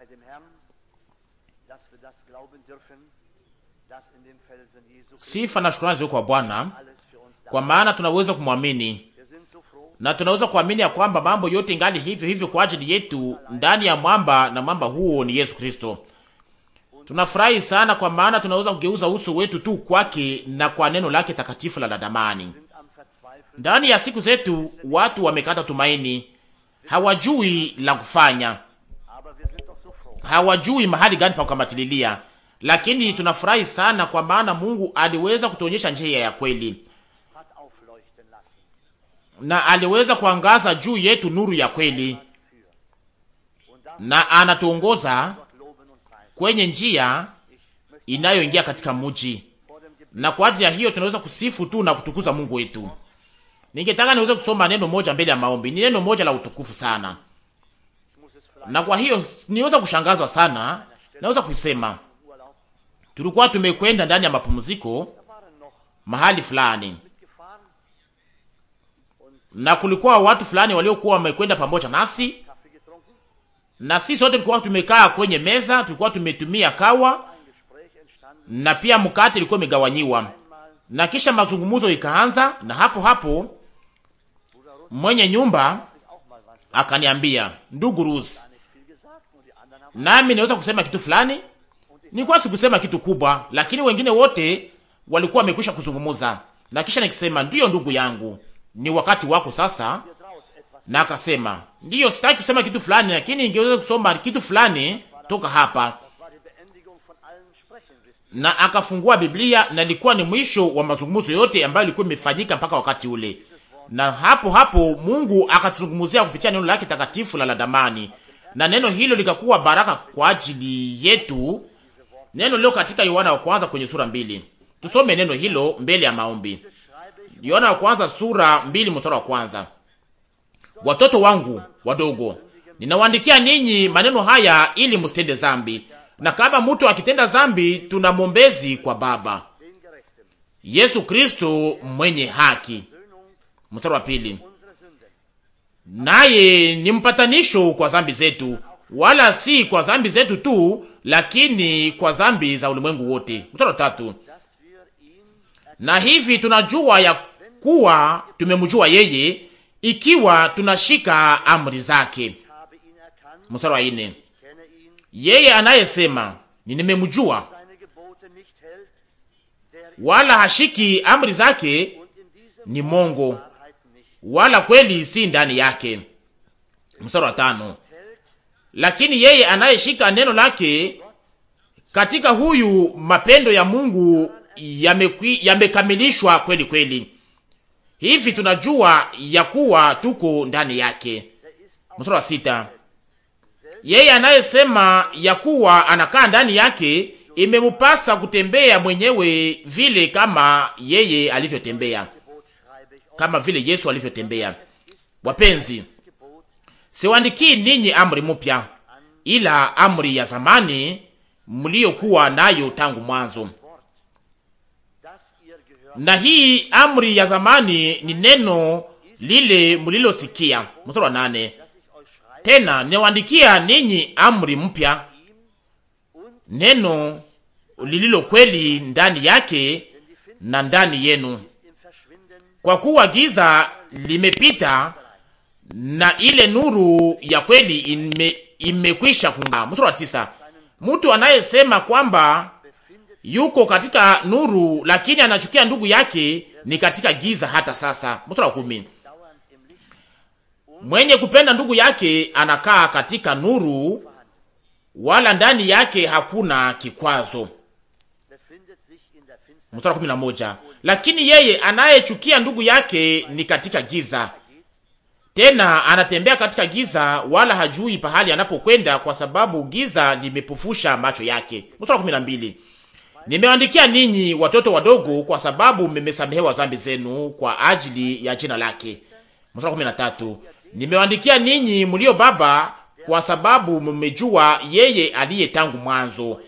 bei dem Herrn, dass wir das glauben dürfen, dass in dem Felsen Jesu sifa na shukrani ziwe kwa Bwana, kwa maana tunaweza kumwamini na tunaweza kuamini ya kwamba mambo yote ingali hivyo hivyo kwa ajili yetu ndani ya mwamba, na mwamba huo ni Yesu Kristo. Tunafurahi sana kwa maana tunaweza kugeuza uso wetu tu kwake na kwa neno lake takatifu la dadamani. Ndani ya siku zetu watu wamekata tumaini, hawajui la kufanya hawajui mahali gani pa kukamatililia, lakini tunafurahi sana kwa maana Mungu aliweza kutuonyesha njia ya kweli na aliweza kuangaza juu yetu nuru ya kweli, na anatuongoza kwenye njia inayoingia katika mji, na kwa ajili ya hiyo tunaweza kusifu tu na kutukuza Mungu wetu. Ningetaka niweze kusoma neno moja mbele ya maombi. Ni neno moja la utukufu sana na kwa hiyo niweza kushangazwa sana, naweza kusema tulikuwa tumekwenda ndani ya mapumziko mahali fulani, na kulikuwa watu fulani waliokuwa wamekwenda pamoja nasi, na sisi wote tulikuwa tumekaa kwenye meza, tulikuwa tumetumia kawa na pia mkate ilikuwa imegawanyiwa, na kisha mazungumzo ikaanza, na hapo hapo mwenye nyumba akaniambia, ndugu Rusi, nami naweza kusema kitu fulani. Nilikuwa sikusema kitu kubwa, lakini wengine wote walikuwa wamekwisha kuzungumuza, na kisha nikisema, ndiyo ndugu yangu, ni wakati wako sasa. Na akasema ndiyo, sitaki kusema kitu fulani, lakini ningeweza kusoma kitu fulani toka hapa, na akafungua Biblia, na ilikuwa ni mwisho wa mazungumzo yote ambayo ilikuwa imefanyika mpaka wakati ule, na hapo hapo Mungu akatuzungumzia kupitia neno lake takatifu la ladamani na neno hilo likakuwa baraka kwa ajili yetu. Neno lilo katika Yohana wa kwanza kwenye sura mbili, tusome neno hilo mbele ya maombi. Yohana wa kwanza sura mbili mstari wa kwanza: watoto wangu wadogo, ninawaandikia ninyi maneno haya ili msitende zambi, na kama mtu akitenda zambi, tuna mwombezi kwa Baba, Yesu Kristo mwenye haki. Mstari wa pili naye ni mpatanisho kwa zambi zetu, wala si kwa zambi zetu tu, lakini kwa zambi za ulimwengu wote. Mstari tatu. Na hivi tunajua ya kuwa tumemjua yeye ikiwa tunashika amri zake. Mstari wa nne. Yeye anayesema ni nimemjua, wala hashiki amri zake ni mongo wala kweli si ndani yake. Mstari wa tano. Lakini yeye anayeshika neno lake, katika huyu mapendo ya Mungu yamekamilishwa yame kweli kweli. Hivi tunajua ya kuwa tuko ndani yake. Mstari wa sita. Yeye anayesema ya kuwa anakaa ndani yake, imemupasa kutembea mwenyewe vile kama yeye alivyotembea kama vile Yesu alivyotembea. Wapenzi, siwaandikii ninyi amri mpya, ila amri ya zamani mliokuwa nayo tangu mwanzo. Na hii amri ya zamani ni neno lile mlilosikia. Mstari wa nane: tena niwaandikia ninyi amri mpya, neno lililo kweli ndani yake na ndani yenu kwa kuwa giza limepita na ile nuru ya kweli ime, imekwisha kung'aa. Mstari wa tisa, mtu anayesema kwamba yuko katika nuru lakini anachukia ndugu yake ni katika giza hata sasa. Mstari wa kumi, mwenye kupenda ndugu yake anakaa katika nuru, wala ndani yake hakuna kikwazo mstari na moja lakini yeye anayechukia ndugu yake ni katika giza, tena anatembea katika giza, wala hajui pahali anapokwenda, kwa sababu giza limepofusha macho yake. Mstari wa mbili nimeandikia ninyi watoto wadogo, kwa sababu mmesamehewa zambi zenu kwa ajili ya jina lake. Mstari wa tatu nimeandikia ninyi mlio baba, kwa sababu mmejua yeye aliye tangu mwanzo.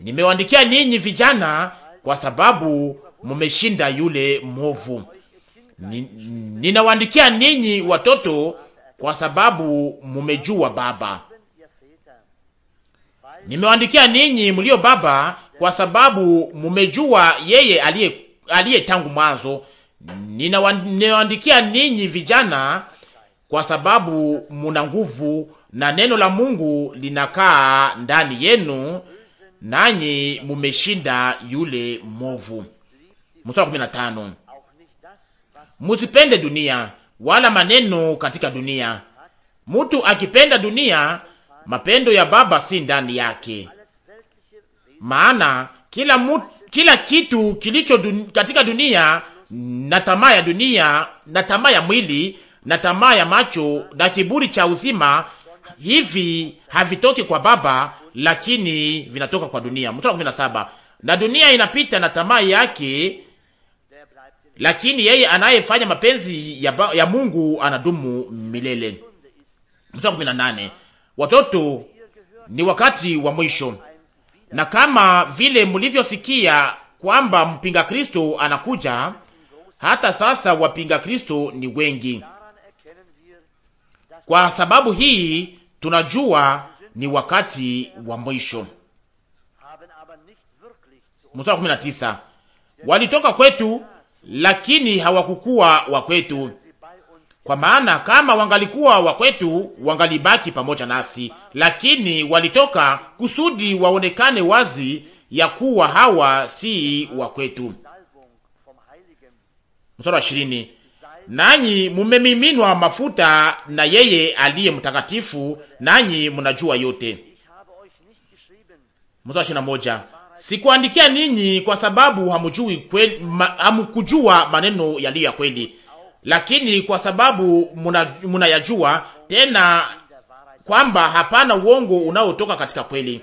Nimewaandikia ninyi vijana kwa sababu mumeshinda yule mwovu. Ninawaandikia ninyi watoto, kwa sababu mumejua Baba. Nimewaandikia ninyi mlio baba, kwa sababu mumejua yeye aliye aliye tangu mwanzo. Ninawaandikia ninyi vijana, kwa sababu muna nguvu na neno la Mungu linakaa ndani yenu nanyi mumeshinda yule movu Mstari wa tano. musipende dunia wala maneno katika dunia. Mtu akipenda dunia, mapendo ya Baba si ndani yake. Maana kila mut, kila kitu kilicho dun, katika dunia na tamaa ya dunia na tamaa ya mwili na tamaa ya macho na kiburi cha uzima, hivi havitoki kwa Baba lakini vinatoka kwa dunia. Mstari wa saba na dunia inapita na tamaa yake, lakini yeye anayefanya mapenzi ya, ba, ya Mungu anadumu milele. Mstari wa nane watoto ni wakati wa mwisho, na kama vile mlivyosikia kwamba mpinga Kristo anakuja, hata sasa wapinga Kristo ni wengi. Kwa sababu hii tunajua ni wakati wa mwisho. Mstari 19, walitoka kwetu lakini hawakukuwa wa kwetu, kwa maana kama wangalikuwa wa kwetu wangalibaki pamoja nasi, lakini walitoka kusudi waonekane wazi ya kuwa hawa si wa kwetu. Mstari wa ishirini nanyi mumemiminwa mafuta na yeye aliye mtakatifu, nanyi mnajua yote. Moja, sikuandikia ninyi kwa sababu hamujui kweli, ma, hamukujua maneno yaliyo ya kweli, lakini kwa sababu munayajua muna tena kwamba hapana uongo unaotoka katika kweli.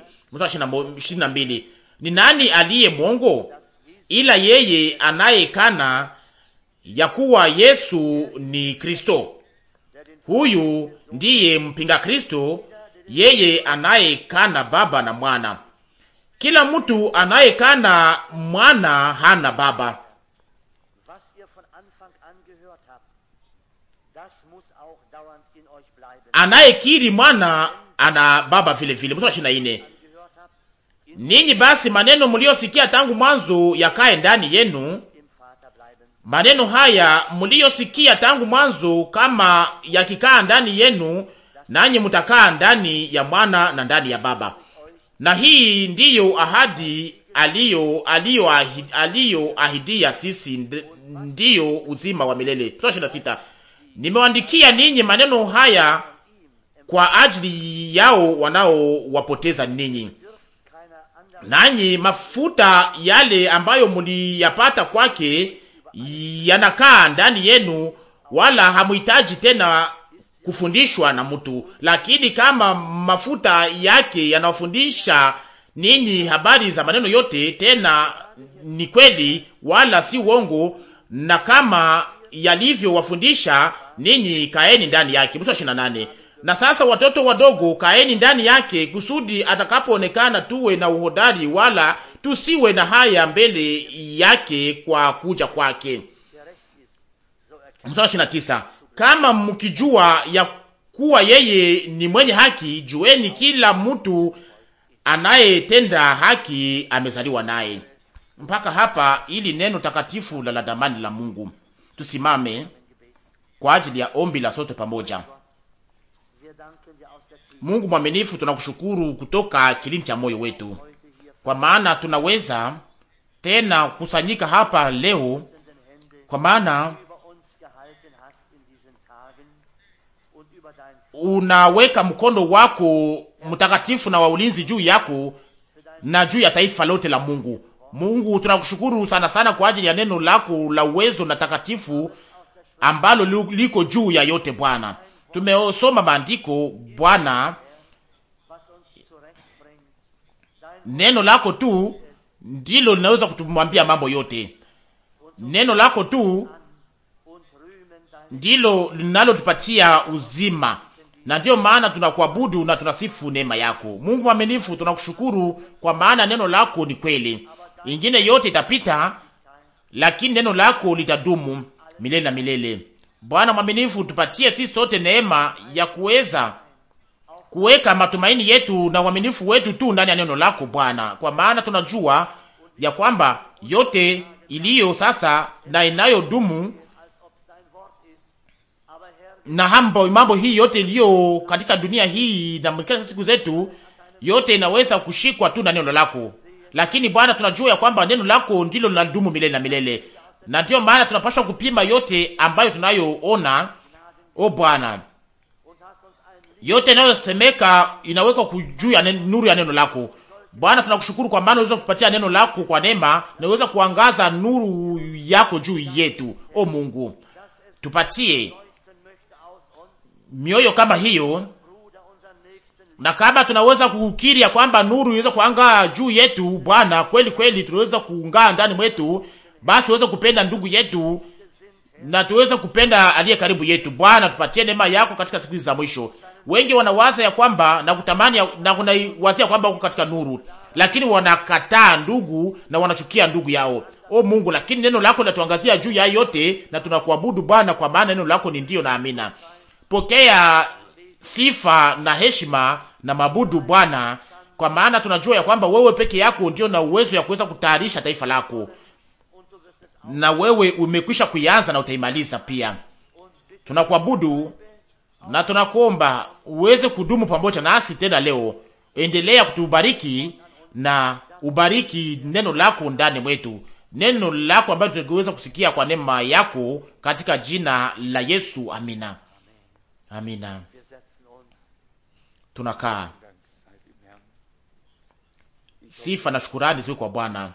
Ni nani aliye mwongo ila yeye anayekana ya kuwa Yesu ni Kristo. Huyu ndiye mpinga Kristo, yeye anayekana Baba na Mwana. Kila mtu anayekana mwana hana Baba. Anayekiri mwana ana baba vile vile. Mstari wa 24, ninyi basi maneno mliosikia tangu mwanzo yakae ndani yenu maneno haya mliyosikia tangu mwanzo, kama yakikaa ndani yenu, nanyi mtakaa ndani ya mwana na ndani ya Baba. Na hii ndiyo ahadi aliyo aliyo aliyo, ahidia sisi, ndiyo uzima wa milele. ishirini sita. Nimewaandikia ninyi maneno haya kwa ajili yao wanaowapoteza ninyi. Nanyi mafuta yale ambayo mliyapata kwake yanakaa ndani yenu, wala hamuhitaji tena kufundishwa na mtu, lakini kama mafuta yake yanawafundisha ninyi habari za maneno yote, tena ni kweli wala si uongo, na kama yalivyowafundisha ninyi, kaeni ndani yake. Mstari wa 28 na sasa watoto wadogo, kaeni ndani yake, kusudi atakapoonekana tuwe na uhodari, wala tusiwe na haya mbele yake kwa kuja kwake. kama mkijua ya kuwa yeye ni mwenye haki, jueni kila mtu anayetenda haki amezaliwa naye. Mpaka hapa, ili neno takatifu la ladamani la Mungu. Tusimame kwa ajili ya ombi la sote pamoja. Mungu mwaminifu, tunakushukuru kutoka kilini cha moyo wetu, kwa maana tunaweza tena kusanyika hapa leo, kwa maana unaweka mkondo wako mtakatifu na wa ulinzi juu yako na juu ya taifa lote la Mungu. Mungu, tunakushukuru sana sana kwa ajili ya neno lako la uwezo na takatifu ambalo liko juu ya yote Bwana. Tumeosoma maandiko, Bwana, neno lako tu ndilo linaweza kutumwambia mambo yote. Neno lako tu ndilo linalotupatia uzima, na ndiyo maana tunakuabudu na tunasifu neema yako. Mungu mwaminifu, tunakushukuru kwa maana neno lako ni kweli. Ingine yote itapita, lakini neno lako litadumu milele na milele. Bwana mwaminifu, tupatie sisi sote neema ya kuweza kuweka matumaini yetu na uaminifu wetu tu ndani ya neno lako Bwana, kwa maana tunajua ya kwamba yote iliyo sasa na inayodumu na hambo mambo hii yote iliyo katika dunia hii na katika siku zetu, yote inaweza kushikwa tu na neno lako. Lakini Bwana, tunajua ya kwamba neno lako ndilo linadumu milele na milele na ndiyo maana tunapaswa kupima yote ambayo tunayoona. O Bwana, yote inayosemeka inawekwa juu ya nuru ya neno lako Bwana. Tunakushukuru kwa maana uweza kupatia neno lako kwa neema na uweza kuangaza nuru yako juu yetu. O Mungu, tupatie mioyo kama hiyo, na kama tunaweza kukiria kwamba nuru inaweza kuangaa juu yetu Bwana, kweli kweli tunaweza kuungaa ndani mwetu basi tuweze kupenda ndugu yetu na tuweze kupenda aliye karibu yetu. Bwana, tupatie neema yako katika siku za mwisho. Wengi wanawaza ya kwamba na kutamani ya, na kunaiwazia kwamba uko katika nuru, lakini wanakataa ndugu na wanachukia ndugu yao. O Mungu, lakini neno lako linatuangazia juu ya yote, na tunakuabudu Bwana, kwa maana neno lako ni ndio na amina. Pokea sifa na heshima na mabudu Bwana, kwa maana tunajua ya kwamba wewe peke yako ndio na uwezo ya kuweza kutayarisha taifa lako na wewe umekwisha kuianza na utaimaliza pia. Tunakuabudu na tunakuomba uweze kudumu pamoja nasi tena leo. Endelea kutubariki na ubariki neno lako ndani mwetu, neno lako ambalo tunaweza kusikia kwa neema yako, katika jina la Yesu. Amina, amina. Tunakaa sifa na shukurani ziwe kwa Bwana.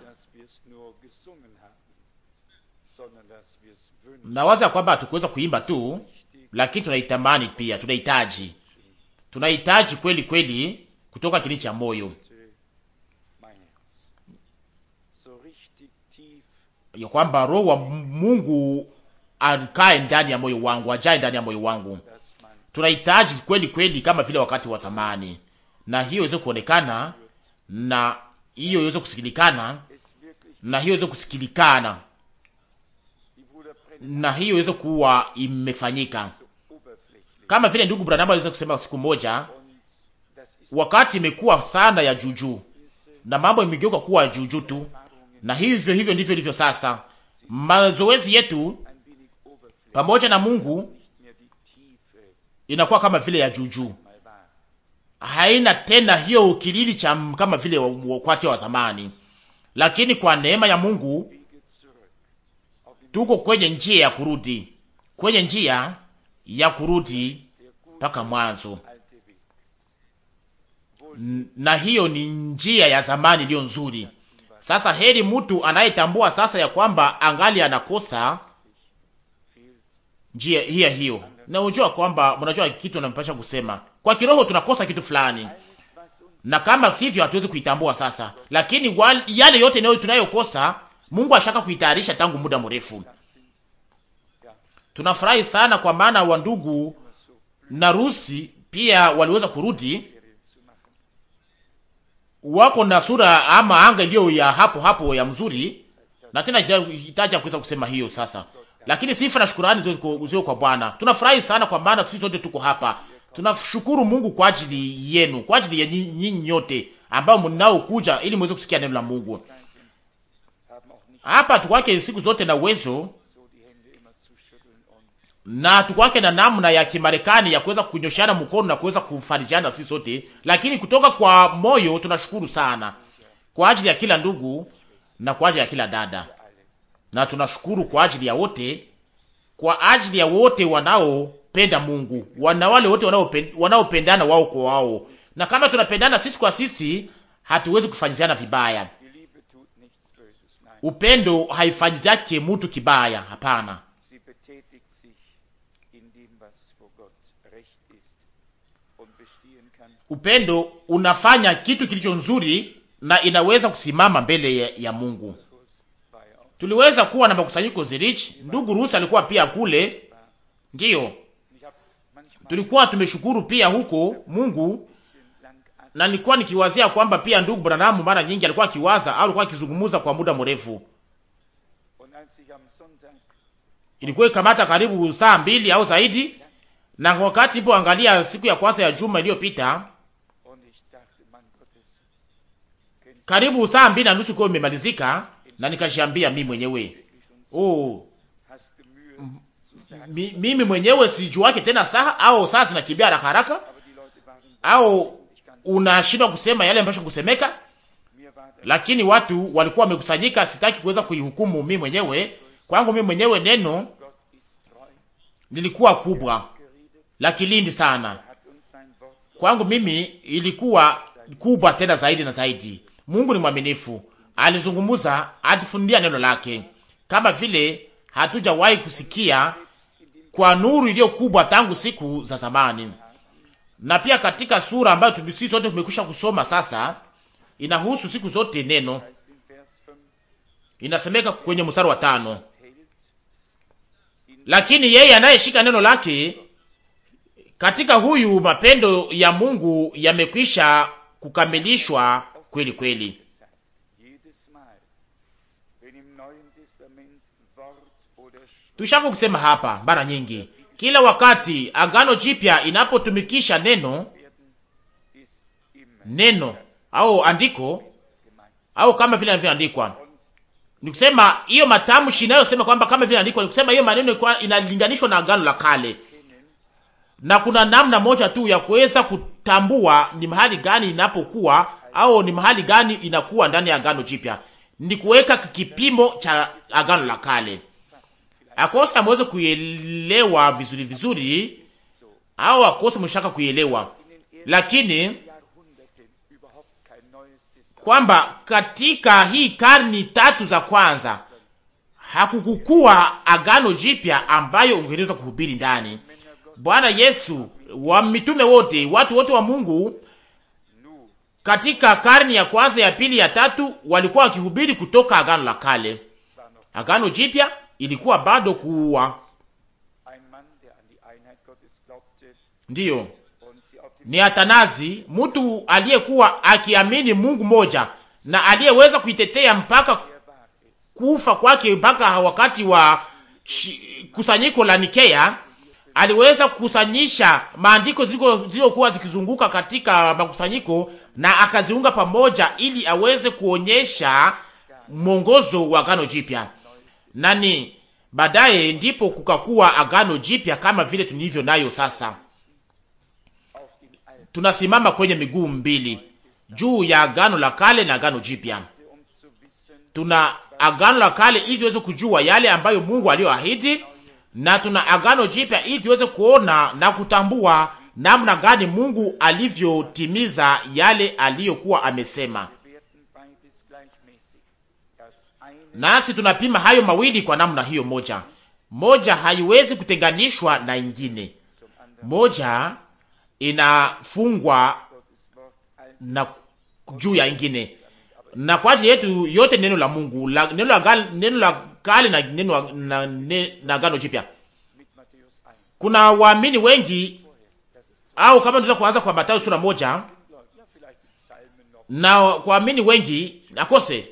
Nawaza kwamba hatukuweza kuimba tu, lakini tunaitamani pia, tunahitaji, tunahitaji kweli kweli kutoka kini cha moyo ya kwamba Roho wa Mungu akae ndani ya moyo wangu, ajae ndani ya moyo wangu. Tunahitaji kweli kweli, kama vile wakati wa zamani, na hiyo iweze kuonekana, na hiyo iweze kusikilikana, na hiyo iweze kusikilikana na hiyo iweze kuwa imefanyika, kama vile ndugu Branham aliweza kusema siku moja, wakati imekuwa sana ya juujuu na mambo imegeuka kuwa juujuu tu, na hivyo hivyo ndivyo ilivyo sasa. Mazoezi yetu pamoja na Mungu inakuwa kama vile ya juujuu, haina tena hiyo kilili cha kama vile wakati wa zamani, lakini kwa neema ya Mungu tuko kwenye njia ya kurudi, kwenye njia ya kurudi mpaka mwanzo, na hiyo ni njia ya zamani iliyo nzuri. Sasa heri mtu anayetambua sasa ya kwamba angali anakosa njia hiya hiyo. Na unajua kwamba mnajua kitu unampasha kusema kwa kiroho, tunakosa kitu fulani, na kama sivyo hatuwezi kuitambua sasa, lakini wale, yale yote nayo tunayokosa Mungu ashaka kuitayarisha tangu muda mrefu. Tunafurahi sana kwa maana wa ndugu na Rusi pia waliweza kurudi, wako na sura ama anga iliyo ya hapo hapo ya mzuri, na tena itaja kuweza kusema hiyo sasa. Lakini sifa na shukurani zote kwa Bwana. Tunafurahi sana kwa maana sisi sote tuko hapa. Tunashukuru Mungu kwa ajili yenu, kwa ajili ya nyinyi nyote ambao mnao kuja ili muweze kusikia neno la Mungu hapa tukwake siku zote na uwezo na tukwake na namna ya Kimarekani ya kuweza kunyoshana mkono na kuweza kufarijana sisi sote, lakini kutoka kwa moyo tunashukuru sana kwa ajili ya kila ndugu na kwa ajili ya kila dada, na tunashukuru kwa ajili ya wote, kwa ajili ya wote wanaopenda Mungu, wana wale wote wanaopendana wao kwa wao, na kama tunapendana sisi kwa sisi hatuwezi kufanyiziana vibaya. Upendo haifanyizake mtu kibaya, hapana, upendo unafanya kitu kilicho nzuri na inaweza kusimama mbele ya Mungu. Tuliweza kuwa na makusanyiko Zurich, ndugu Rusi alikuwa pia kule, ndiyo tulikuwa tumeshukuru pia huko Mungu na nilikuwa nikiwazia kwamba pia ndugu Branham mara nyingi alikuwa akiwaza au alikuwa akizungumza kwa muda mrefu. Ilikuwa ikamata karibu saa mbili au zaidi, na wakati ipo angalia siku ya kwanza ya juma iliyopita, karibu saa mbili na nusu kwa imemalizika, na nikashambia mimi mwenyewe oh, mimi mwenyewe sijuake tena saa au saa zinakimbia haraka haraka au unashindwa kusema yale ambayo kusemeka, lakini watu walikuwa wamekusanyika. Sitaki kuweza kuihukumu mi mwenyewe kwangu, mi mwenyewe neno lilikuwa kubwa la kilindi sana kwangu mimi, ilikuwa kubwa tena zaidi na zaidi. Mungu ni mwaminifu, alizungumza atufundia neno lake kama vile hatujawahi kusikia kwa nuru iliyo kubwa tangu siku za zamani na pia katika sura ambayo sisi sote tumekwisha kusoma sasa, inahusu siku zote neno inasemeka kwenye mstari wa tano, lakini yeye anayeshika neno lake, katika huyu mapendo ya Mungu yamekwisha kukamilishwa kweli kweli. tushako kusema hapa mara nyingi kila wakati Agano Jipya inapotumikisha neno neno au andiko au kama vile inavyoandikwa, ni kusema hiyo matamshi inayosema kwamba kama vile andikwa, ni kusema hiyo maneno inalinganishwa na Agano la Kale, na kuna namna moja tu ya kuweza kutambua ni mahali gani inapokuwa au ni mahali gani inakuwa ndani ya Agano Jipya, ni kuweka kipimo cha Agano la Kale akosa ameweza kuielewa vizuri vizuri, au akosa mshaka kuielewa, lakini kwamba katika hii karni tatu za kwanza hakukukuwa agano jipya ambayo ungeweza kuhubiri ndani. Bwana Yesu wa mitume wote, watu wote wa Mungu katika karni ya kwanza, ya pili, ya tatu walikuwa wakihubiri kutoka agano la kale, agano jipya ilikuwa bado kuua. Ndiyo, ni Atanazi, mtu aliyekuwa akiamini Mungu moja na aliyeweza kuitetea mpaka kufa kwake, mpaka wakati wa kusanyiko la Nikea aliweza kukusanyisha maandiko zilizokuwa zikizunguka katika makusanyiko na akaziunga pamoja ili aweze kuonyesha mwongozo wa gano Jipya nani baadaye ndipo kukakuwa agano jipya kama vile tulivyo nayo sasa. Tunasimama kwenye miguu mbili juu ya agano la kale na agano jipya. Tuna agano la kale ili tuweze kujua yale ambayo Mungu aliyoahidi, na tuna agano jipya ili tuweze kuona na kutambua namna gani Mungu alivyotimiza yale aliyokuwa amesema. nasi tunapima hayo mawili kwa namna hiyo moja. Moja haiwezi kutenganishwa na ingine, moja inafungwa na juu ya ingine. Na kwa ajili yetu yote neno la Mungu la, neno la gali, neno la kale na neno na, ne, na gano jipya. Kuna waamini wengi au kama tunaweza kuanza kwa Mathayo sura moja na kuamini wengi nakose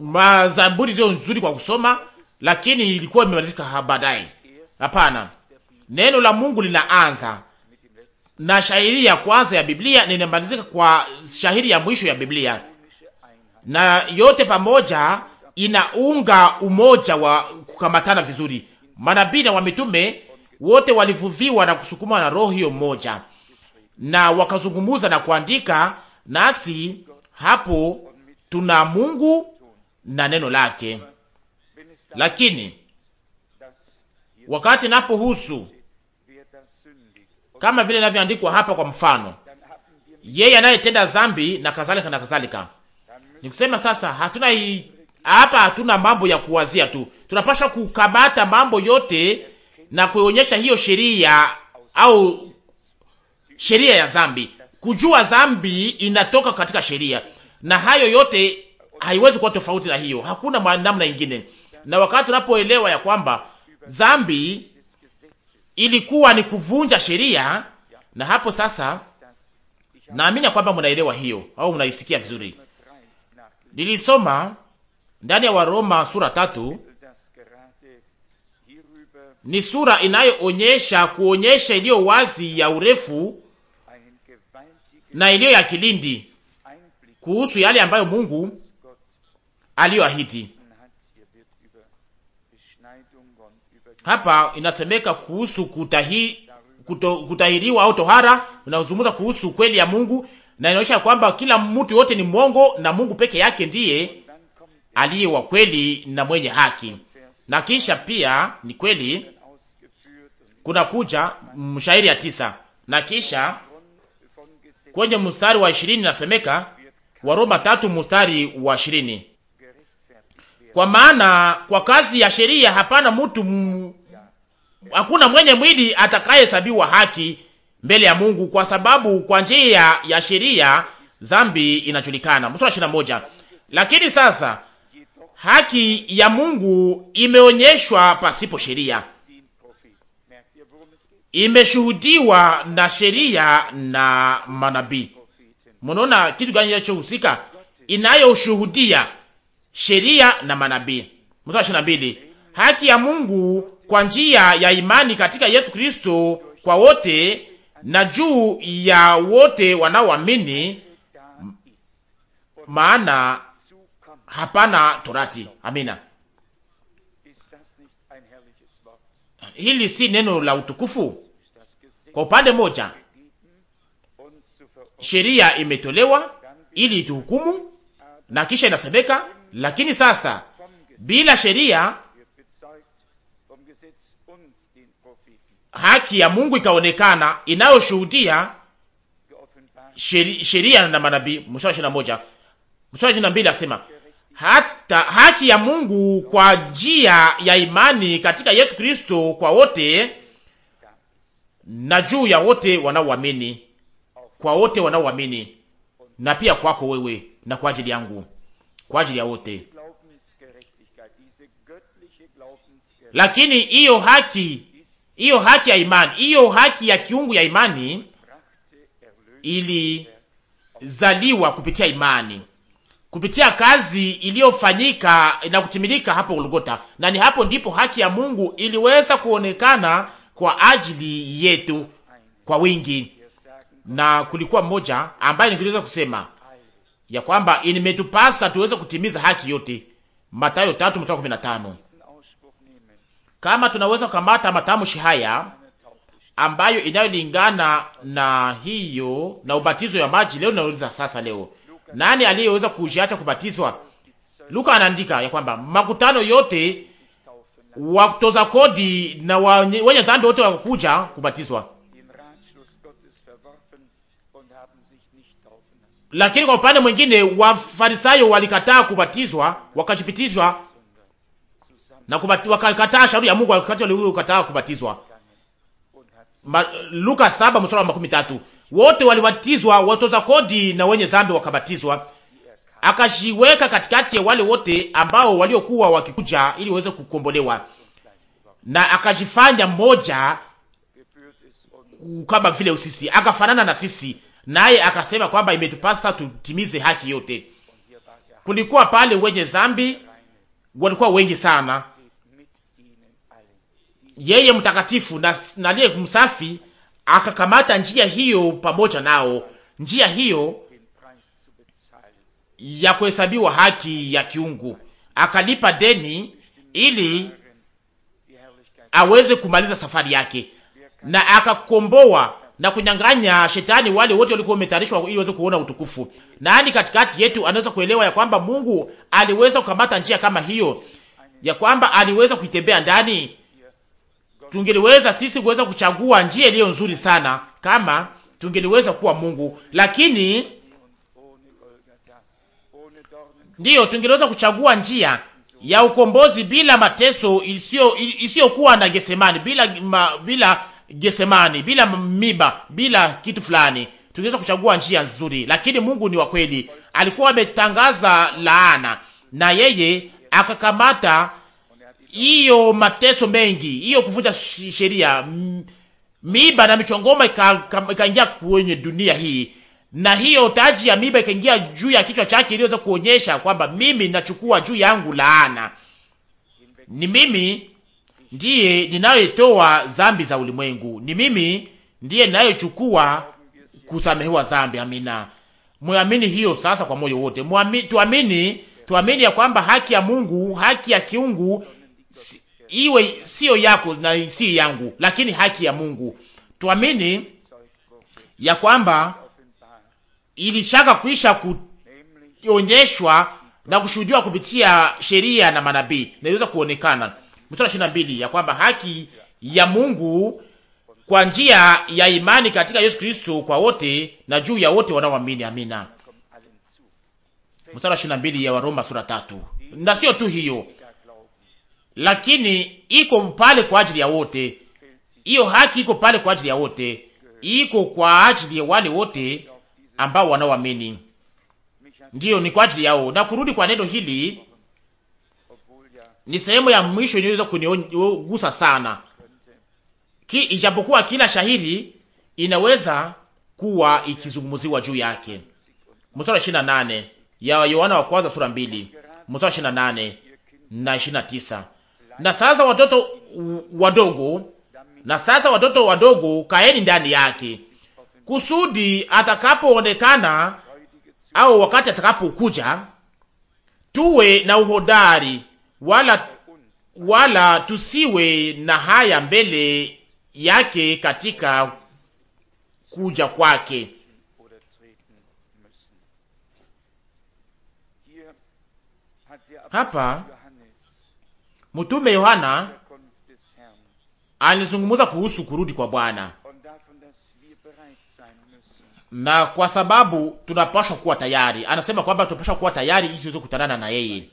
mazaburi zio nzuri kwa kusoma, lakini ilikuwa imemalizika baadaye. Hapana, neno la Mungu linaanza na shahiri ya kwanza ya Biblia ninamalizika kwa shahiri ya mwisho ya Biblia, na yote pamoja inaunga umoja wa kukamatana vizuri. Manabii na wamitume wote walivuviwa na kusukumwa na roho hiyo moja, na wakazungumuza na kuandika. Nasi hapo tuna Mungu na neno lake, lakini wakati napohusu kama vile inavyoandikwa hapa, kwa mfano, yeye anayetenda dhambi na kadhalika na kadhalika. Nikusema sasa, hatuna hapa, hatuna mambo ya kuwazia tu, tunapasha kukamata mambo yote na kuonyesha hiyo sheria au sheria ya zambi kujua zambi inatoka katika sheria, na hayo yote haiwezi kuwa tofauti na hiyo, hakuna namna ingine. Na wakati tunapoelewa ya kwamba zambi ilikuwa ni kuvunja sheria, na hapo sasa naamini ya kwamba mnaelewa hiyo au mnaisikia vizuri. Nilisoma ndani ya Waroma sura tatu, ni sura inayoonyesha kuonyesha iliyo wazi ya urefu na iliyo ya kilindi kuhusu yale ambayo Mungu aliyoahidi. Hapa inasemeka kuhusu kutahi, kuto, kutahiriwa au tohara, unazungumza kuhusu kweli ya Mungu na inaonyesha kwamba kila mtu yote ni mwongo na Mungu peke yake ndiye aliye wa kweli na mwenye haki. Na kisha pia ni kweli kuna kuja mshairi ya tisa na kisha kwenye mstari wa ishirini nasemeka Waroma tatu mstari wa ishirini kwa maana kwa kazi ya sheria hapana mtu m... hakuna mwenye mwili atakayehesabiwa haki mbele ya Mungu, kwa sababu kwa njia ya sheria zambi inajulikana. Mstari ishirini na moja. Lakini sasa haki ya Mungu imeonyeshwa pasipo sheria, imeshuhudiwa na sheria na manabii. Mnaona kitu gani kinachohusika? Inayoshuhudia sheria na manabii. Mstari ishirini na mbili, haki ya Mungu kwa njia ya imani katika Yesu Kristo kwa wote na juu ya wote wanaoamini, maana hapana torati. Amina. Hili si neno la utukufu? Kwa upande moja sheria imetolewa ili ituhukumu, na kisha inasemeka, lakini sasa bila sheria haki ya Mungu ikaonekana inayoshuhudia sheria na manabii. Mstari ishirini na moja mstari ishirini na mbili asema hata haki ya Mungu kwa njia ya imani katika Yesu Kristo kwa wote na juu ya wote wanaoamini, kwa wote wanaoamini na pia kwako wewe na kwa ajili yangu, kwa ajili ya wote. Lakini hiyo haki, hiyo haki ya imani, hiyo haki ya kiungu ya imani ilizaliwa kupitia imani, kupitia kazi iliyofanyika na kutimilika hapo Golgotha, na ni hapo ndipo haki ya Mungu iliweza kuonekana kwa ajili yetu kwa wingi. Na kulikuwa mmoja ambaye ningeweza kusema ya kwamba imetupasa tuweze kutimiza haki yote, Mathayo 3:15. Kama tunaweza kukamata matamshi haya ambayo inayolingana na hiyo na ubatizo ya maji leo, nauliza sasa, leo nani aliyeweza kujiacha kubatizwa? Luka anaandika ya kwamba makutano yote watoza kodi na wenye dhambi wote wakuja kubatizwa Lakini kwa upande mwingine Wafarisayo walikataa kubatizwa, wakajipitishwa na wakakataa shauri ya Mungu wakati walikataa kubatizwa. Ma, Luka 7 mstari wa makumi tatu. Wote walibatizwa watoza kodi na wenye zambi wakabatizwa. Akashiweka katikati ya wale wote ambao waliokuwa wakikuja ili waweze kukombolewa. Na akajifanya moja kama vile usisi, akafanana na sisi naye akasema kwamba imetupasa tutimize haki yote. Kulikuwa pale wenye zambi walikuwa wengi sana, yeye mtakatifu na naliye msafi akakamata njia hiyo pamoja nao, njia hiyo ya kuhesabiwa haki ya kiungu, akalipa deni ili aweze kumaliza safari yake na akakomboa na kunyang'anya shetani wale wote walikuwa wametayarishwa ili waweze kuona utukufu. Nani katikati yetu anaweza kuelewa ya kwamba Mungu aliweza kukamata njia kama hiyo, ya kwamba aliweza kuitembea ndani? Tungeliweza sisi kuweza kuchagua njia iliyo nzuri sana kama tungeliweza kuwa Mungu, lakini ndiyo tungeliweza kuchagua njia ya ukombozi bila mateso isiyo isiyokuwa na Gesemani, bila ma, bila Gesemani, bila miba, bila kitu fulani. Tungeweza kuchagua njia nzuri, lakini Mungu ni wa kweli. Alikuwa ametangaza laana na yeye akakamata hiyo mateso mengi, hiyo kuvunja sheria, miba na michongoma ikaingia kwenye dunia hii, na hiyo taji ya miba ikaingia juu ya kichwa chake, iliweza kuonyesha kwamba mimi nachukua juu yangu laana, ni mimi ndiye ninayetoa zambi za ulimwengu, ni mimi ndiye ninayochukua kusamehewa zambi. Amina, mwamini hiyo sasa kwa moyo wote. Tuamini, tuamini ya kwamba haki ya Mungu, haki ya kiungu si, iwe siyo yako na si yangu, lakini haki ya Mungu. Tuamini ya kwamba ilishaka kuisha kuonyeshwa na kushuhudiwa kupitia sheria na manabii, naweza kuonekana mstari ishirini na mbili ya kwamba haki ya Mungu kwa njia ya imani katika Yesu Kristo kwa wote na juu ya wote wanaoamini. Amina. Mstari ishirini na mbili ya Waroma sura tatu. Na sio tu hiyo, lakini iko pale kwa ajili ya wote. Hiyo haki iko pale kwa ajili ya wote, iko kwa ajili ya wale wote ambao wanaoamini, ndiyo ni kwa ajili yao. Na kurudi kwa neno hili ni sehemu ya mwisho inaweza kunigusa sana ki, ijapokuwa kila shahiri inaweza kuwa ikizungumziwa juu yake. Mstari wa nane ya Yohana wa kwanza sura mbili mstari wa 28 na tisa Na sasa watoto wadogo, na sasa watoto wadogo, kaeni ndani yake kusudi atakapoonekana au wakati atakapokuja tuwe na uhodari wala, wala tusiwe na haya mbele yake katika kuja kwake. Hapa mtume Yohana alizungumza kuhusu kurudi kwa Bwana, na kwa sababu tunapaswa kuwa tayari. Anasema kwamba tunapaswa kuwa tayari ili tuweze kutanana na yeye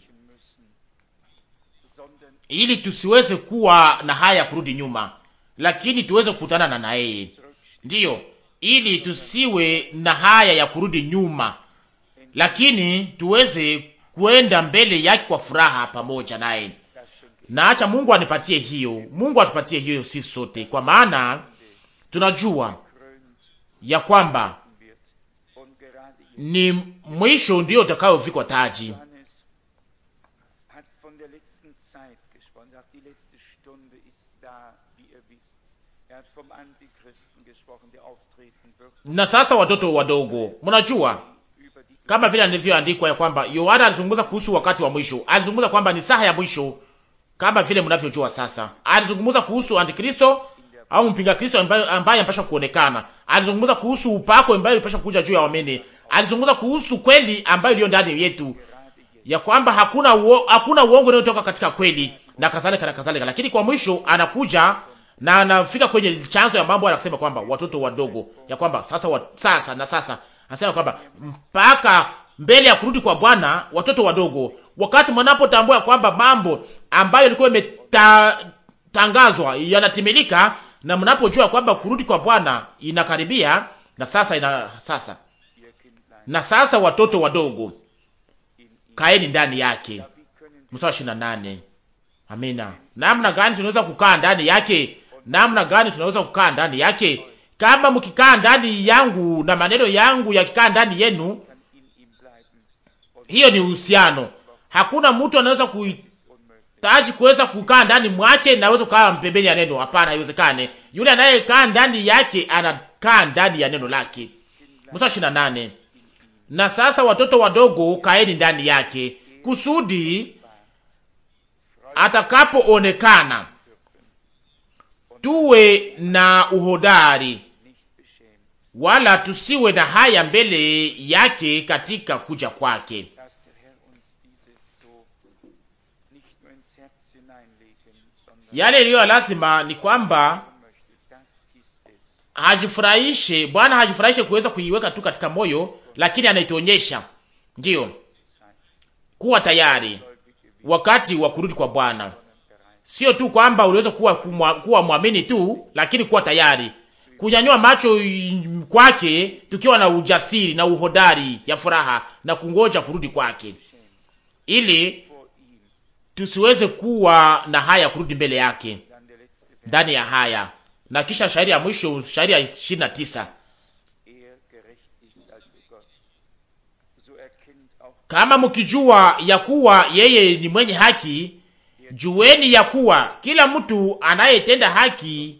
ili tusiweze kuwa na haya kurudi nyuma, lakini tuweze kukutana na naye, ndiyo, ili tusiwe na haya ya kurudi nyuma, lakini tuweze kuenda mbele yake kwa furaha pamoja naye. Na acha Mungu anipatie hiyo, Mungu atupatie hiyo si sote, kwa maana tunajua ya kwamba ni mwisho ndio utakayovikwa taji Na sasa watoto wadogo, mnajua kama vile nilivyoandikwa ya kwamba Yohana alizungumza kuhusu wakati wa mwisho, alizungumza kwamba ni saha ya mwisho, kama vile mnavyojua sasa. Alizungumza kuhusu antikristo au mpinga Kristo ambaye ambaye anapaswa kuonekana. Alizungumza kuhusu upako ambaye unapaswa kuja juu ya waamini. Alizungumza kuhusu kweli ambayo iliyo ndani yetu ya kwamba hakuna uo, hakuna uongo unaotoka katika kweli na kadhalika na kadhalika, lakini kwa mwisho anakuja na anafika kwenye chanzo ya mambo, anasema kwamba watoto wadogo, ya kwamba sasa wa, sasa na sasa, anasema kwamba mpaka mbele ya kurudi kwa Bwana, watoto wadogo, wakati mnapotambua kwamba mambo ambayo yalikuwa imetangazwa yanatimilika, na mnapojua kwamba kurudi kwa Bwana inakaribia, na sasa ina sasa na sasa, watoto wadogo, kaeni ndani yake. Mstari 28. Amina. Namna gani tunaweza kukaa ndani yake namna gani tunaweza kukaa ndani yake. Kama mkikaa ndani yangu na maneno yangu yakikaa ndani yenu, hiyo ni uhusiano. Hakuna mtu anaweza kuhitaji kuweza kukaa ndani mwake na aweze kukaa pembeni ya neno. Hapana, haiwezekane. Yule anayekaa ndani yake anakaa ndani ya neno lake. Mstari ishirini na nane. Na sasa watoto wadogo, kaeni ndani yake kusudi atakapoonekana tuwe na uhodari wala tusiwe na haya mbele yake katika kuja kwake. Yale iliyo lazima ni kwamba hajifurahishe Bwana, hajifurahishe kuweza kuiweka tu katika moyo, lakini anaitonyesha ndiyo kuwa tayari wakati wa kurudi kwa Bwana sio tu kwamba uliweza kuwa kuwa mwamini tu, lakini kuwa tayari kunyanyua macho kwake, tukiwa na ujasiri na uhodari ya furaha na kungoja kurudi kwake, ili tusiweze kuwa na haya kurudi mbele yake ndani ya haya. Na kisha shairi ya mwisho, shairi ya ishirini na tisa kama mkijua ya kuwa yeye ni mwenye haki Jueni ya kuwa kila mtu anayetenda haki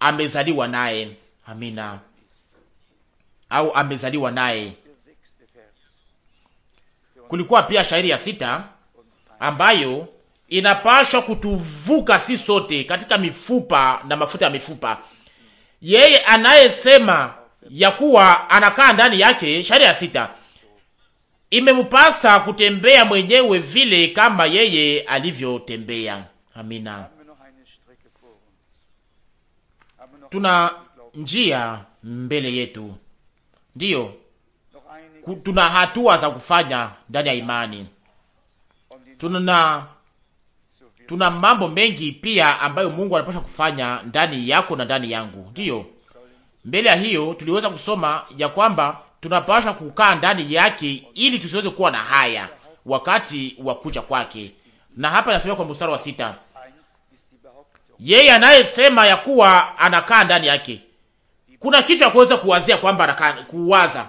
amezaliwa naye. Amina, au amezaliwa naye. Kulikuwa pia shairi ya sita ambayo inapashwa kutuvuka si sote katika mifupa na mafuta ya mifupa. Yeye anayesema ya kuwa anakaa ndani yake, shairi ya sita imemupasa kutembea mwenyewe vile kama yeye alivyotembea. Amina. Tuna njia mbele yetu, ndiyo tuna hatua za kufanya ndani ya imani. Tuna tuna mambo mengi pia ambayo Mungu anapasha kufanya ndani yako na ndani yangu. Ndiyo, mbele ya hiyo tuliweza kusoma ya kwamba tunapasha kukaa ndani yake ili tusiweze kuwa na haya wakati wa kuja kwake. Na hapa nasema kwa mstari wa sita, yeye anayesema ya kuwa anakaa ndani yake, kuna kitu ya kuweza kuwazia kwamba anakaa kuwaza.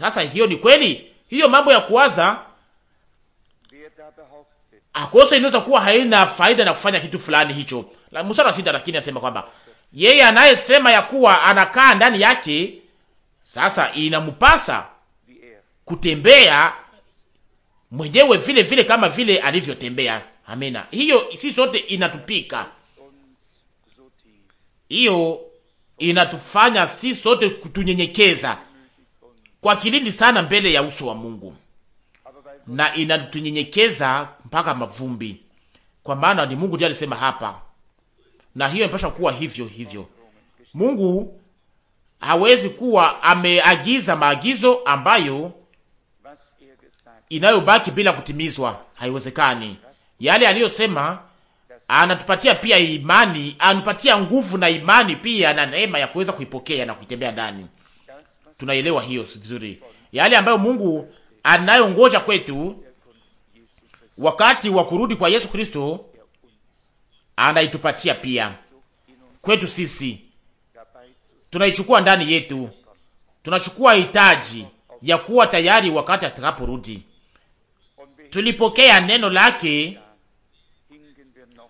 Sasa hiyo ni kweli, hiyo mambo ya kuwaza akose inaweza kuwa haina faida na kufanya kitu fulani hicho. La mstari wa sita, lakini anasema kwamba yeye anayesema ya kuwa anakaa ndani yake sasa inamupasa kutembea mwenyewe vile vile kama vile alivyotembea. Amina, hiyo si sote inatupika, hiyo inatufanya si sote kutunyenyekeza kwa kilindi sana mbele ya uso wa Mungu, na inatunyenyekeza mpaka mavumbi, kwa maana ni Mungu ndiye alisema hapa, na hiyo inapaswa kuwa hivyo hivyo. Mungu hawezi kuwa ameagiza maagizo ambayo inayobaki bila kutimizwa, haiwezekani. Yale aliyosema anatupatia pia imani, anatupatia nguvu na imani pia na neema ya kuweza kuipokea na kuitembea ndani. Tunaelewa hiyo vizuri, yale ambayo Mungu anayongoja kwetu wakati wa kurudi kwa Yesu Kristo, anaitupatia pia kwetu sisi tunaichukua ndani yetu, tunachukua hitaji ya kuwa tayari wakati atakaporudi. Tulipokea neno lake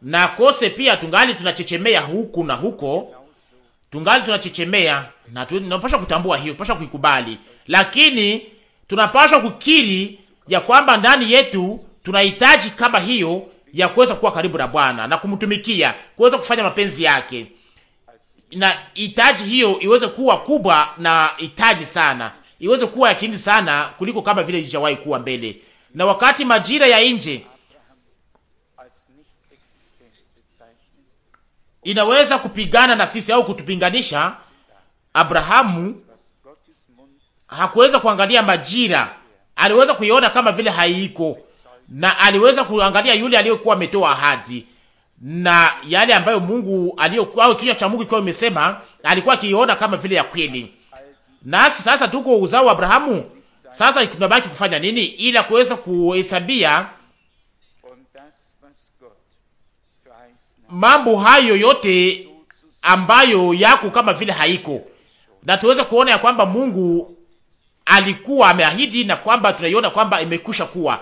na kose pia, tungali tunachechemea huku na huko, tungali tunachechemea na tunapaswa kutambua hiyo, tunapaswa kuikubali, lakini tunapaswa kukiri ya kwamba ndani yetu tunahitaji kama hiyo ya kuweza kuwa karibu na Bwana na kumtumikia, kuweza kufanya mapenzi yake na hitaji hiyo iweze kuwa kubwa na hitaji sana, iweze kuwa yakini sana kuliko kama vile ijawahi kuwa mbele, na wakati majira ya nje inaweza kupigana na sisi au kutupinganisha. Abrahamu hakuweza kuangalia majira, aliweza kuiona kama vile haiko, na aliweza kuangalia yule aliyekuwa ametoa ahadi na yale ambayo Mungu aliyo au kinywa cha Mungu kwa imesema alikuwa akiona kama vile ya kweli. Nasi sasa tuko uzao wa Abrahamu. Sasa tunabaki kufanya nini ila kuweza kuhesabia mambo hayo yote ambayo yako kama vile haiko, na tuweze kuona ya kwamba Mungu alikuwa ameahidi na kwamba tunaiona kwamba imekusha kuwa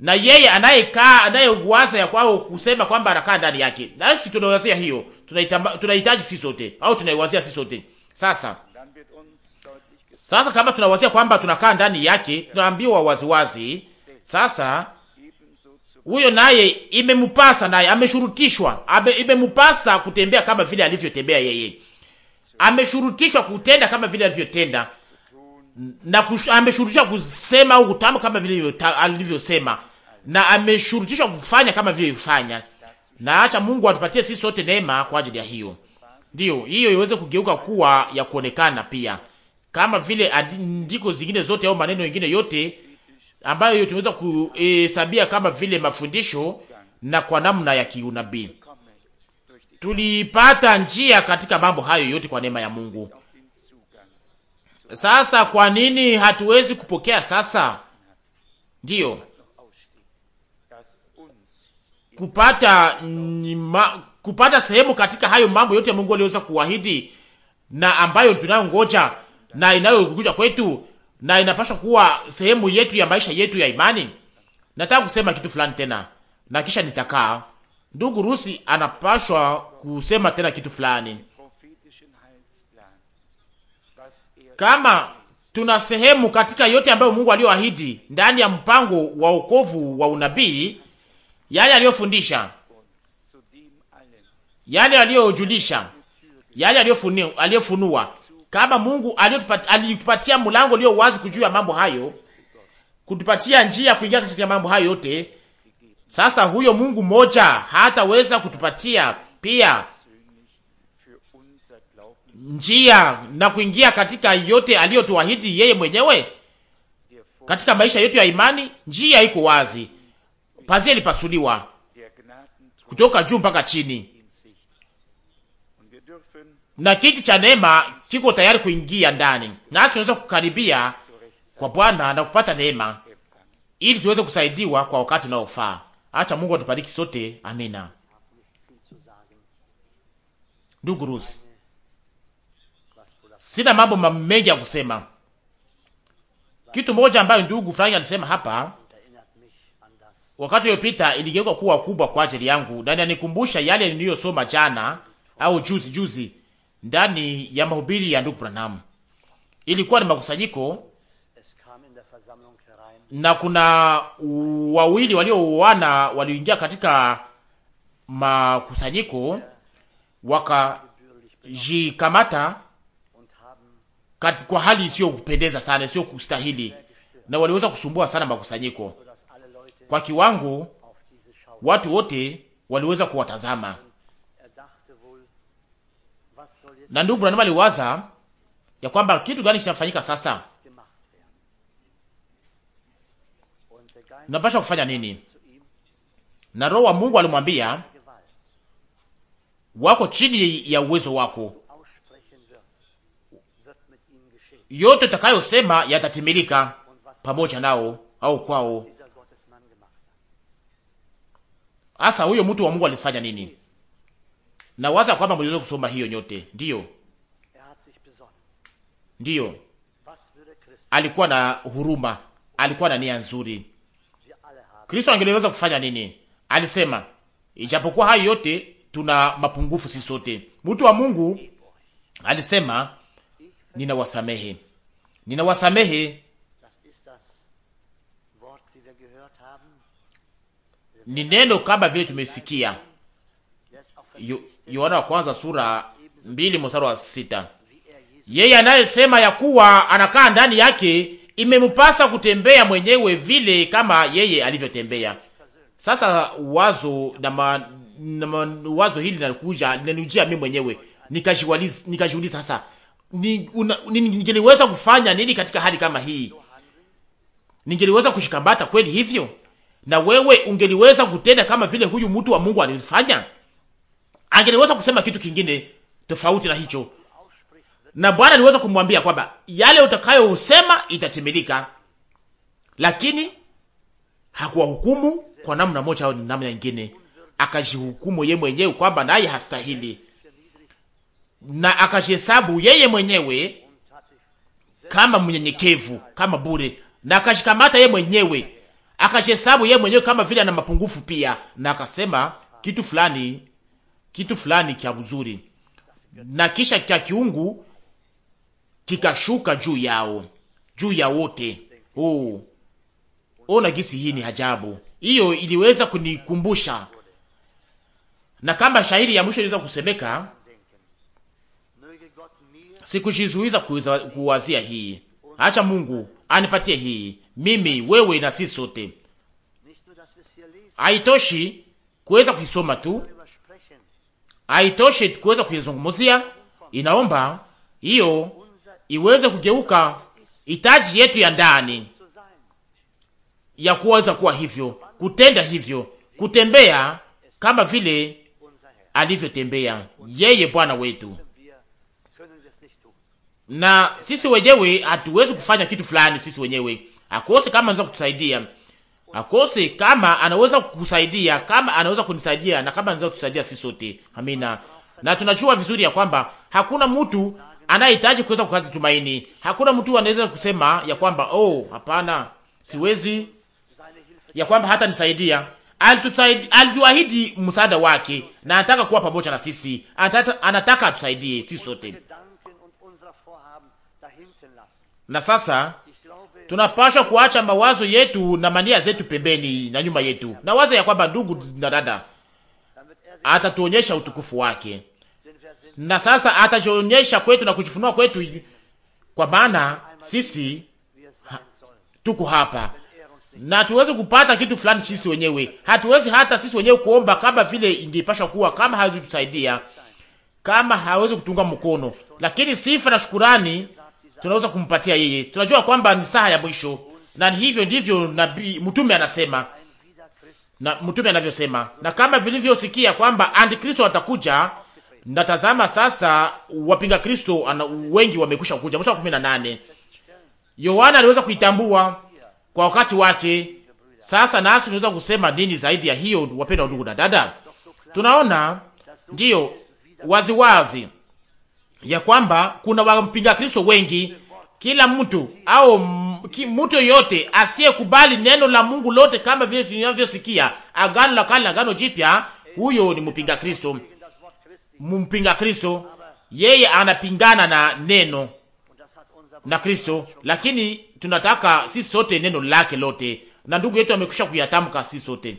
na yeye anayekaa anayeuwaza ya kwao kusema kwamba anakaa ndani yake, nasi tunawazia hiyo, tunahitaji sisi sote au tunaiwazia sisi sote. Sasa sasa, kama tunawazia kwamba tunakaa ndani yake, tunaambiwa waziwazi sasa huyo naye imemupasa naye ameshurutishwa, imemupasa kutembea kama vile alivyotembea yeye, ameshurutishwa kutenda kama vile alivyotenda na ameshurutishwa kusema au kutamka kama vile alivyosema, na ameshurutishwa kufanya kama vile yufanya, na acha Mungu atupatie sisi sote neema kwa ajili ya hiyo, ndio hiyo iweze kugeuka kuwa ya kuonekana pia, kama vile andiko zingine zote au maneno mengine yote ambayo tunaweza kuhesabia kama vile mafundisho na kwa namna ya kiunabii tulipata njia katika mambo hayo yote kwa neema ya Mungu. Sasa kwa nini hatuwezi kupokea sasa? Ndiyo kupata nima, kupata sehemu katika hayo mambo yote Mungu aliweza kuahidi na ambayo tunayongoja na inayokuja kwetu na inapaswa kuwa sehemu yetu ya maisha yetu ya imani. Nataka kusema kitu fulani tena na kisha nitakaa. Ndugu Rusi anapashwa kusema tena kitu fulani. kama tuna sehemu katika yote ambayo Mungu aliyoahidi ndani ya mpango wa wokovu wa unabii, yale aliyofundisha, yale aliyojulisha, yale aliyofunua, kama Mungu alitupatia mlango ulio wazi kujua mambo hayo, kutupatia njia ya kuingia katika mambo hayo yote. Sasa huyo Mungu mmoja hataweza kutupatia pia njia na kuingia katika yote aliyotuahidi yeye mwenyewe katika maisha yetu ya imani. Njia iko wazi, pazia lipasuliwa kutoka juu mpaka chini, na kiti cha neema kiko tayari kuingia ndani, nasi tunaweza kukaribia kwa Bwana na kupata neema ili tuweze kusaidiwa kwa wakati unaofaa. Acha Mungu atubariki sote, amina. Ndugu Rusi Sina mambo mengi ya kusema. Kitu moja ambayo ndugu Frank alisema hapa wakati uliopita iligeuka kuwa kubwa kwa ajili yangu, ndani anikumbusha yale niliyosoma jana au juzi juzi ndani ya mahubiri ya ndugu Branham. Ilikuwa ni makusanyiko na kuna wawili waliouana waliingia katika makusanyiko wakajikamata kwa hali kupendeza sana, isiyo kustahili, na waliweza kusumbua sana makusanyiko kwa kiwango, watu wote waliweza kuwatazama. Na ndugu Branham aliwaza ya kwamba kitu gani kinafanyika sasa, napasha kufanya nini? Na roho wa Mungu alimwambia, wako chini ya uwezo wako yote utakayosema yatatimilika pamoja nao au kwao. Asa huyo mtu wa Mungu alifanya nini? Na waza kwamba mliweza kusoma hiyo nyote, ndiyo, ndiyo, alikuwa na huruma, alikuwa na nia nzuri. Kristo angeliweza kufanya nini? Alisema, ijapokuwa hayo yote tuna mapungufu sisi sote. Mtu wa Mungu alisema ninawasamehe, ninawasamehe ni neno kama vile tumesikia yoana Yohana wa kwanza sura mbili mstari wa sita. Er yeye anayesema ya kuwa anakaa ndani yake imempasa kutembea mwenyewe vile kama yeye alivyotembea. Sasa wazo na, ma, na ma, wazo hili linakuja linanijia mimi mwenyewe nikajiuliza, nikajiuliza sasa ningeliweza ni, kufanya nini katika hali kama hii? Ningeliweza kushikambata kweli hivyo? Na wewe ungeliweza kutenda kama vile huyu mtu wa Mungu alifanya? Angeliweza kusema kitu kingine tofauti na hicho. Na Bwana aliweza kumwambia kwamba yale utakayosema itatimilika, lakini hakuwahukumu kwa namna moja au namna nyingine, akajihukumu yeye mwenyewe kwamba naye hastahili na akajihesabu yeye mwenyewe kama mnyenyekevu, kama bure, na akashikamata yeye mwenyewe, akajihesabu yeye mwenyewe kama vile ana mapungufu pia, na akasema kitu fulani, kitu fulani kya uzuri, na kisha kya kiungu kikashuka juu yao, juu ya wote. Oh, ona gisi hii ni ajabu. Hiyo iliweza kunikumbusha, na kama shahiri ya mwisho iliweza kusemeka sikujizuiza kuwazia hii. Acha Mungu anipatie hii, mimi wewe na sisi sote. Haitoshi kuweza kuisoma tu, haitoshi kuweza kuizungumzia. Inaomba hiyo iweze kugeuka hitaji yetu ya ndani ya kuweza kuwa hivyo, kutenda hivyo, kutembea kama vile alivyotembea yeye Bwana wetu na sisi wenyewe hatuwezi kufanya kitu fulani sisi wenyewe. Akose kama anaweza kutusaidia, akose kama anaweza kukusaidia, kama anaweza kunisaidia na kama anaweza kutusaidia sisi sote. Amina. Na tunajua vizuri ya kwamba hakuna mtu anayehitaji kuweza kukata tumaini. Hakuna mtu anaweza kusema ya kwamba oh, hapana, siwezi ya kwamba hata nisaidia. Alitusaidi, Alituahidi msaada wake na anataka kuwa pamoja na sisi, anataka, anataka atusaidie sisi sote. Na sasa tunapashwa kuacha mawazo yetu na mania zetu pembeni na nyuma yetu, na waza ya kwamba ndugu na dada atatuonyesha utukufu wake, na sasa atajionyesha kwetu na kujifunua kwetu, kwa maana sisi ha, tuko hapa na tuweze kupata kitu fulani sisi wenyewe. Hatuwezi hata sisi wenyewe kuomba kama vile ingepasha kuwa, kama hawezi kutusaidia, kama hawezi kutunga mkono, lakini sifa na shukurani tunaweza kumpatia yeye. Tunajua kwamba ni saa ya mwisho, na hivyo ndivyo nabii mtume anasema na mtume anavyosema, na kama vilivyosikia kwamba antikristo atakuja. Natazama sasa wapinga Kristo ana wengi wamekwisha kuja. Mstari wa 18, Yohana aliweza kuitambua kwa wakati wake. Sasa nasi tunaweza kusema nini zaidi ya hiyo? wapenda ndugu na dada, tunaona ndiyo waziwazi wazi ya kwamba kuna wapinga Kristo wengi. Kila mtu au mtu yoyote asiyekubali neno la Mungu lote kama vile tunavyosikia agano la kale na agano jipya, huyo ni mpinga Kristo. Mpinga Kristo yeye anapingana na neno na Kristo, lakini tunataka sisi sote neno lake lote, na ndugu yetu amekwisha kuyatamka sisi sote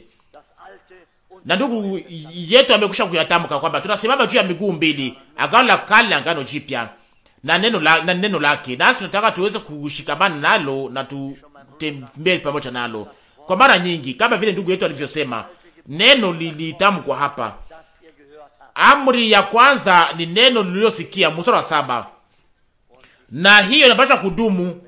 na ndugu yetu amekusha kuyatamka kwamba tunasimama juu ya miguu mbili, agano la kale agano jipya na neno la, na neno lake, nasi tunataka tuweze kushikamana nalo na tutembee pamoja nalo kwa mara nyingi, kama vile ndugu yetu alivyosema, neno lilitamkwa hapa. Amri ya kwanza ni neno lililosikia, mstari wa saba, na hiyo inapaswa kudumu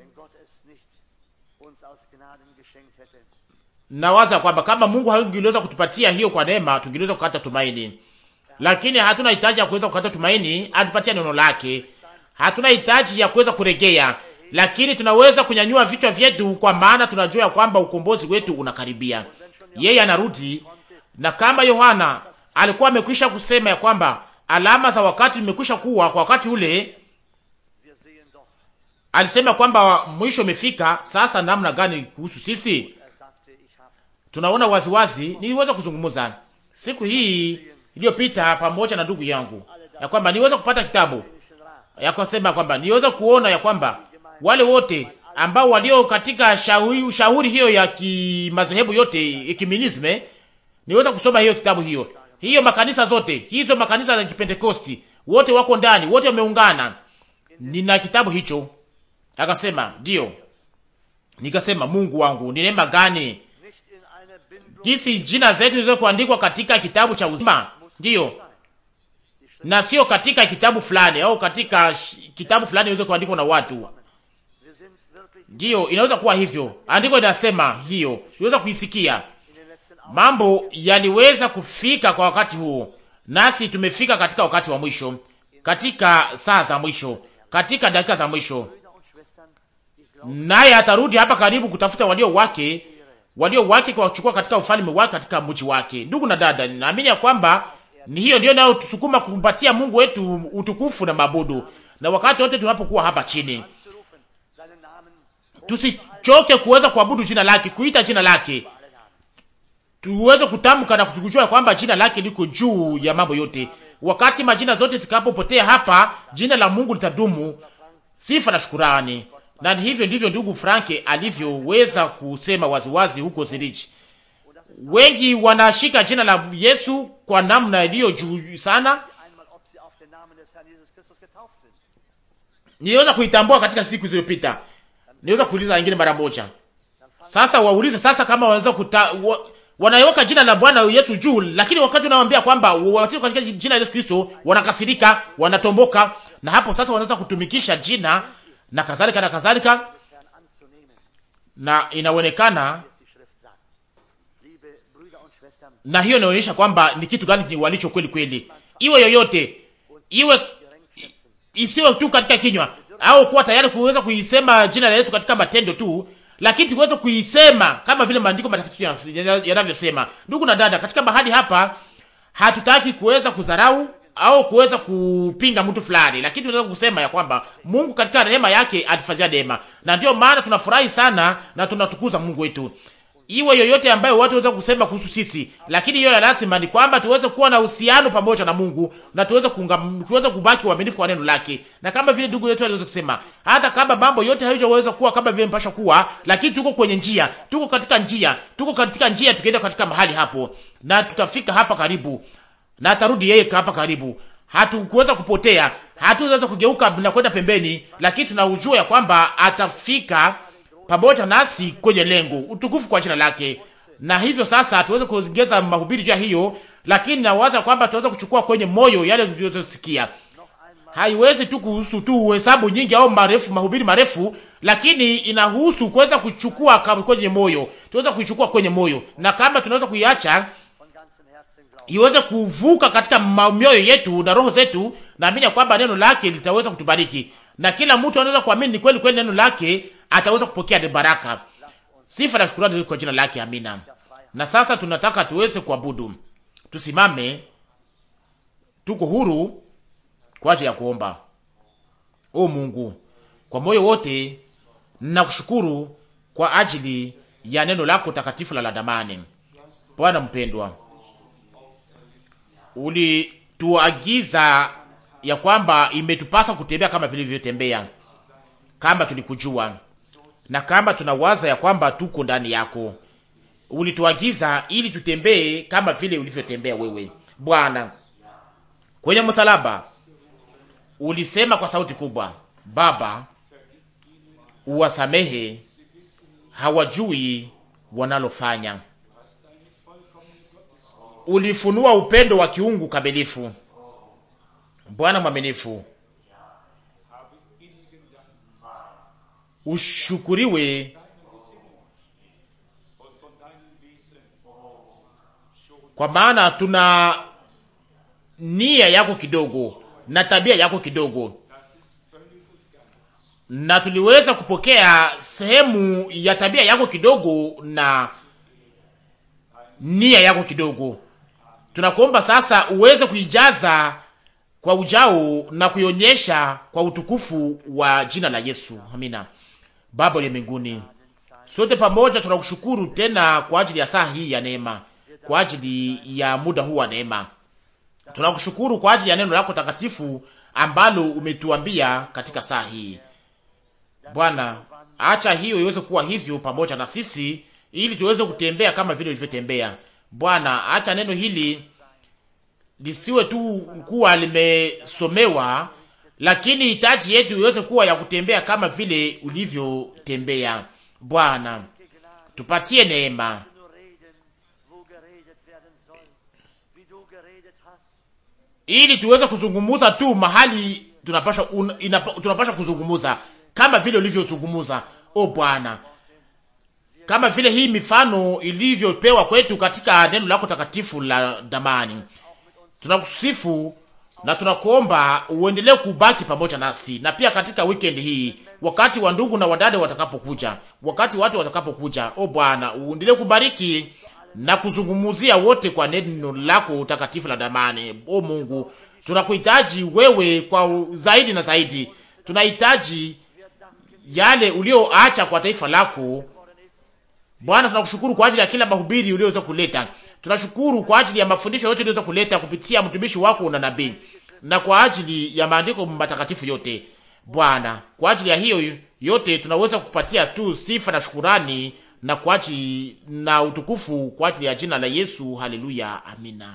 nawaza kwamba kama Mungu hangeweza kutupatia hiyo kwa neema, tungeweza kukata tumaini, lakini hatuna hitaji ya kuweza kukata tumaini. Atupatia neno lake, hatuna hitaji ya kuweza kuregea, lakini tunaweza kunyanyua vichwa vyetu, kwa maana tunajua kwamba ukombozi wetu unakaribia, yeye anarudi. Na kama Yohana alikuwa amekwisha kusema ya kwamba alama za wakati zimekwisha kuwa kwa wakati ule, alisema kwamba mwisho umefika. Sasa namna gani kuhusu sisi? tunaona waziwazi. Niliweza kuzungumza siku hii iliyopita pamoja na ndugu yangu ya kwamba niweza kupata kitabu ya kusema kwamba niweza kuona ya kwamba wale wote ambao walio katika shauri, shauri hiyo ya kimadhehebu yote ekumenisme, niweza kusoma hiyo kitabu hiyo hiyo, makanisa zote hizo makanisa za Kipentekosti wote wako ndani, wote wameungana. Nina kitabu hicho, akasema ndio. Nikasema Mungu wangu, ni neema gani jinsi jina zetu zilizo kuandikwa katika kitabu cha uzima, ndiyo, na sio katika kitabu fulani au katika kitabu fulani ilizo kuandikwa na watu. Ndiyo, inaweza kuwa hivyo. Andiko linasema hiyo, tunaweza kuisikia. Mambo yaliweza kufika kwa wakati huo, nasi tumefika katika wakati wa mwisho, katika saa za mwisho, katika dakika za mwisho, naye atarudi hapa karibu kutafuta walio wake walio wake kwa kuchukua katika ufalme wake katika mji wake. Ndugu na dada, ninaamini ya kwamba ni hiyo ndio nayo tusukuma kumpatia Mungu wetu utukufu na mabudu, na wakati wote tunapokuwa hapa chini, tusichoke kuweza kuabudu jina lake, kuita jina lake, tuweze kutamka na kutukujua kwamba jina lake liko juu ya mambo yote. Wakati majina zote zikapopotea hapa, jina la Mungu litadumu. Sifa na shukurani na hivyo ndivyo ndugu Franke alivyoweza kusema waziwazi huko Zurich. Wengi wanashika jina la Yesu kwa namna iliyo juu sana, niweza kuitambua katika siku zilizopita. Niweza kuuliza wengine mara moja, sasa waulize sasa kama wanaweza kuta wa, wanaweka jina la Bwana Yesu juu, lakini wakati unawaambia kwamba wanataka katika jina la Yesu Kristo wanakasirika, wanatomboka, na hapo sasa wanaweza kutumikisha jina na kadhalika na kadhalika, na inaonekana na hiyo inaonyesha kwamba ni kitu gani walicho kweli kweli, iwe yoyote iwe isiwe tu katika kinywa au kuwa tayari kuweza kuisema jina la Yesu katika matendo tu, lakini tuweze kuisema kama vile maandiko matakatifu yanavyosema. Ndugu na dada, katika bahadi hapa hatutaki kuweza kudharau au kuweza kupinga mtu fulani, lakini tunaweza kusema ya kwamba Mungu katika rehema yake atufanyia neema, na ndio maana tunafurahi sana na tunatukuza Mungu wetu. Iwe yoyote ambayo watu waweza kusema kuhusu sisi, lakini hiyo ya lazima ni kwamba tuweze kuwa na uhusiano pamoja na Mungu na tuweze kuunga, tuweze kubaki waaminifu kwa neno lake, na kama vile ndugu yetu aliweza kusema, hata kama mambo yote hayajaweza kuwa kama vile mpasha kuwa, lakini tuko kwenye njia, tuko katika njia, tuko katika njia, tukienda katika mahali hapo na tutafika hapa karibu na atarudi yeye hapa karibu. Hatukuweza kupotea, hatuweza kugeuka na kwenda pembeni, lakini tunaujua ya kwamba atafika pamoja nasi kwenye lengo. Utukufu kwa jina lake. Na hivyo sasa tuweze kuongeza mahubiri ya hiyo, lakini nawaza kwamba tuweza kuchukua kwenye moyo yale tulizosikia. Haiwezi tu kuhusu tu hesabu nyingi au marefu mahubiri marefu, lakini inahusu kuweza kuchukua kwenye moyo. Tuweza kuichukua kwenye moyo. Na kama tunaweza kuiacha iweze kuvuka katika mioyo yetu na roho zetu. Naamini kwamba neno lake litaweza kutubariki na kila mtu anaweza kuamini kweli kweli neno lake ataweza kupokea baraka. Sifa na shukrani kwa jina lake, amina. Na sasa tunataka tuweze kuabudu, tusimame, tuko huru kwa ajili ya kuomba. O Mungu, kwa moyo wote nakushukuru kwa ajili ya neno lako takatifu la ladamani. Bwana mpendwa, ulituagiza ya kwamba imetupasa kutembea kama vilivyotembea, kama tulikujua na kama tunawaza ya kwamba tuko ndani yako. Ulituagiza ili tutembee kama vile ulivyotembea wewe Bwana kwenye msalaba. Ulisema kwa sauti kubwa, Baba, uwasamehe hawajui wanalofanya ulifunua upendo wa kiungu kamilifu. Bwana mwaminifu, ushukuriwe kwa maana tuna nia yako kidogo na tabia yako kidogo, na tuliweza kupokea sehemu ya tabia yako kidogo na nia yako kidogo, Tunakuomba sasa uweze kuijaza kwa ujao na kuionyesha kwa utukufu wa jina la Yesu. Amina. Baba ya mbinguni, sote pamoja tunakushukuru tena kwa ajili ya saa hii ya neema, kwa ajili ya muda huu wa neema. Tunakushukuru kwa ajili ya neno lako takatifu ambalo umetuambia katika saa hii. Bwana, acha hiyo iweze kuwa hivyo pamoja na sisi, ili tuweze kutembea kama vile ulivyotembea Bwana, acha neno hili lisiwe tu kuwa limesomewa, lakini hitaji yetu iweze kuwa ya kutembea kama vile ulivyotembea. Bwana, tupatie neema ili tuweze kuzungumuza tu mahali tunapaswa tunapaswa tunapasha kuzungumuza kama vile ulivyozungumuza. O Bwana, kama vile hii mifano ilivyopewa kwetu katika neno lako takatifu la damani. Tunakusifu na tunakuomba uendelee kubaki pamoja nasi, na pia katika weekend hii, wakati wa ndugu na wadada watakapokuja, wakati watu watakapokuja, o Bwana, uendelee kubariki na kuzungumzia wote kwa neno lako takatifu la damani. O Mungu, tunakuhitaji wewe kwa zaidi na zaidi, tunahitaji yale ulioacha kwa taifa lako Bwana, tunakushukuru kwa ajili ya kila mahubiri uliyoweza kuleta. Tunashukuru kwa ajili ya mafundisho yote uliyoweza kuleta kupitia mtumishi wako na nabii, na kwa ajili ya maandiko matakatifu yote Bwana. Kwa ajili ya hiyo yote tunaweza kukupatia tu sifa na shukurani na kwa ajili na utukufu kwa ajili ya jina la Yesu. Haleluya, amina.